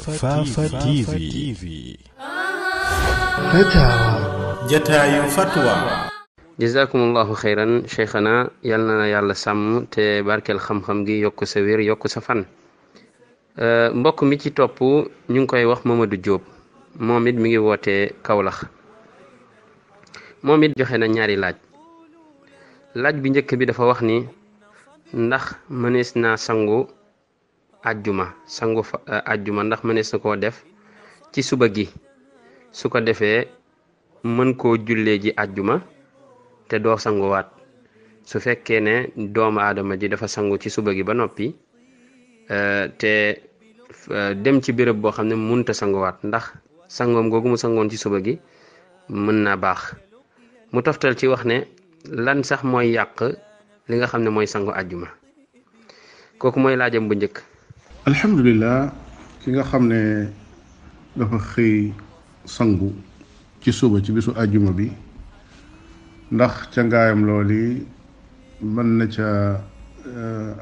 Fafa TV fatawa jataayu fatwa jazakumullahu xayran cheikhana yal na yàlla sàmm te barkeel xam-xam gi yokk sa wér yokk sa fan mbokk mi ci topp ñu ngi koy wax Mamadou Diop moom it mi ngi woote kawlax moom it joxe na ñaari laaj laaj bi njëkk bi dafa wax ni ndax mënees naa sangu ajjuma sangu fa ajjuma euh, ndax ma ne na koo def ci suba gi su ko defee mën koo jullee ji ajjuma te doo sanguwaat su fekkee ne doomu aadama ji dafa sangu ci suba gi ba noppi euh, te euh, dem ci béréb boo xam ne munta sanguwaat ndax sangoom googu mu sangoon ci suba gi mën naa baax mu toftal ci wax ne lan sax mooy yàq li nga xam ne mooy sangu ajjuma kooku mooy laajam bu njëkk alhamdulilah ki nga xam ne dafa xëy sangu ci suba ci bisu àjjuma bi ndax ca ngaayam yi mën na ca eh,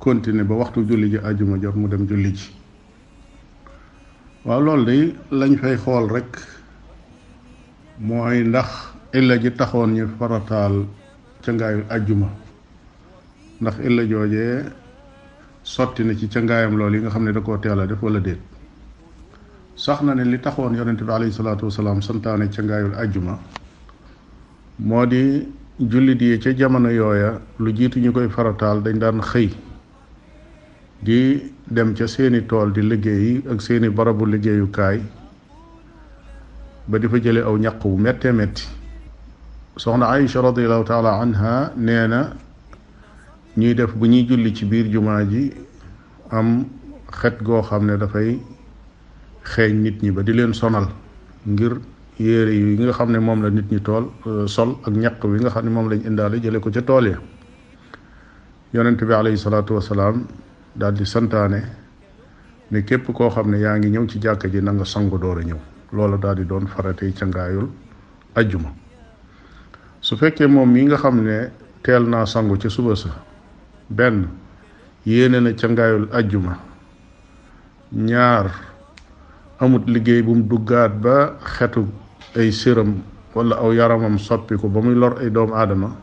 continuer ba waxtu julli ji àjjuma jot mu dem julli ji waaw loolu de lañ fay xool rekk mooy ndax illa ji taxoon ñu farataal ca ngaayu àjjuma ndax illa joojee sotti na ci cangaayam loolu yi nga xam ne da koo teel a def wala déet sax na ne li taxoon yonente bi alayhi salaatu wasalaam santaane cangaayul ajjuma moo di jullit yi ca jamono yooya lu jiitu ñu koy farataal dañ daan xëy di dem ca seeni tool di liggéey ak seeni barabu liggéeyukaay ba di fa jële aw ñaq wu méttee metti soxna Aïcha radiallahu taala anha ñuy def bu ñuy julli ci biir jumaa ji am xet goo xam ne dafay xeeñ nit ñi ba di leen sonal ngir yére yi nga xam ne moom la nit ñi tool euh, sol ak ñaq wi nga xam ne moom lañ indaale jële ko ca tool ya yonent bi alayhi salaatu wasalaam daal di santaane ne képp koo xam ne yaa ngi ñëw ci jàkka ji nanga nga sangu door a ñëw loolu daal di doon faratey cangaayul ajjuma su fekkee moom mi nga xam ne teel naa sangu ca suba sa benn yéene na cangaayul ajjuma ñaar amut liggéey bu mu duggaat ba xetu ay séram wala aw yaramam soppi ko ba muy lor ay doomu aadama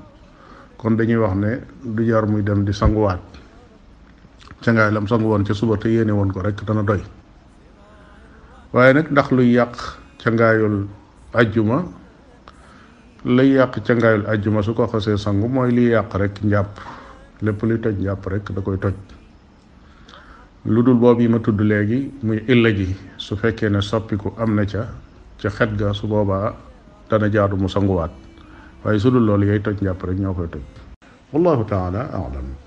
kon dañuy wax ne du jar muy dem di sanguwaat cangaay lam sangu woon ca suba te yéene woon ko rek dana doy waaye nag ndax luy yàq cangaayul ajjuma lay yàq cangaayul ajjuma su ko xasee sangu mooy liy yàq rek njàpp lépp luy toj jàpp rek da koy toj lu dul boobu yi ma tudd léegi muy illa ji su fekkee ne soppiku am na ca ca xet ga su boobaa dana jaadu mu sanguwaat waaye su dul loolu yay toj jàpp rek ñoo koy toj wallahu taala alam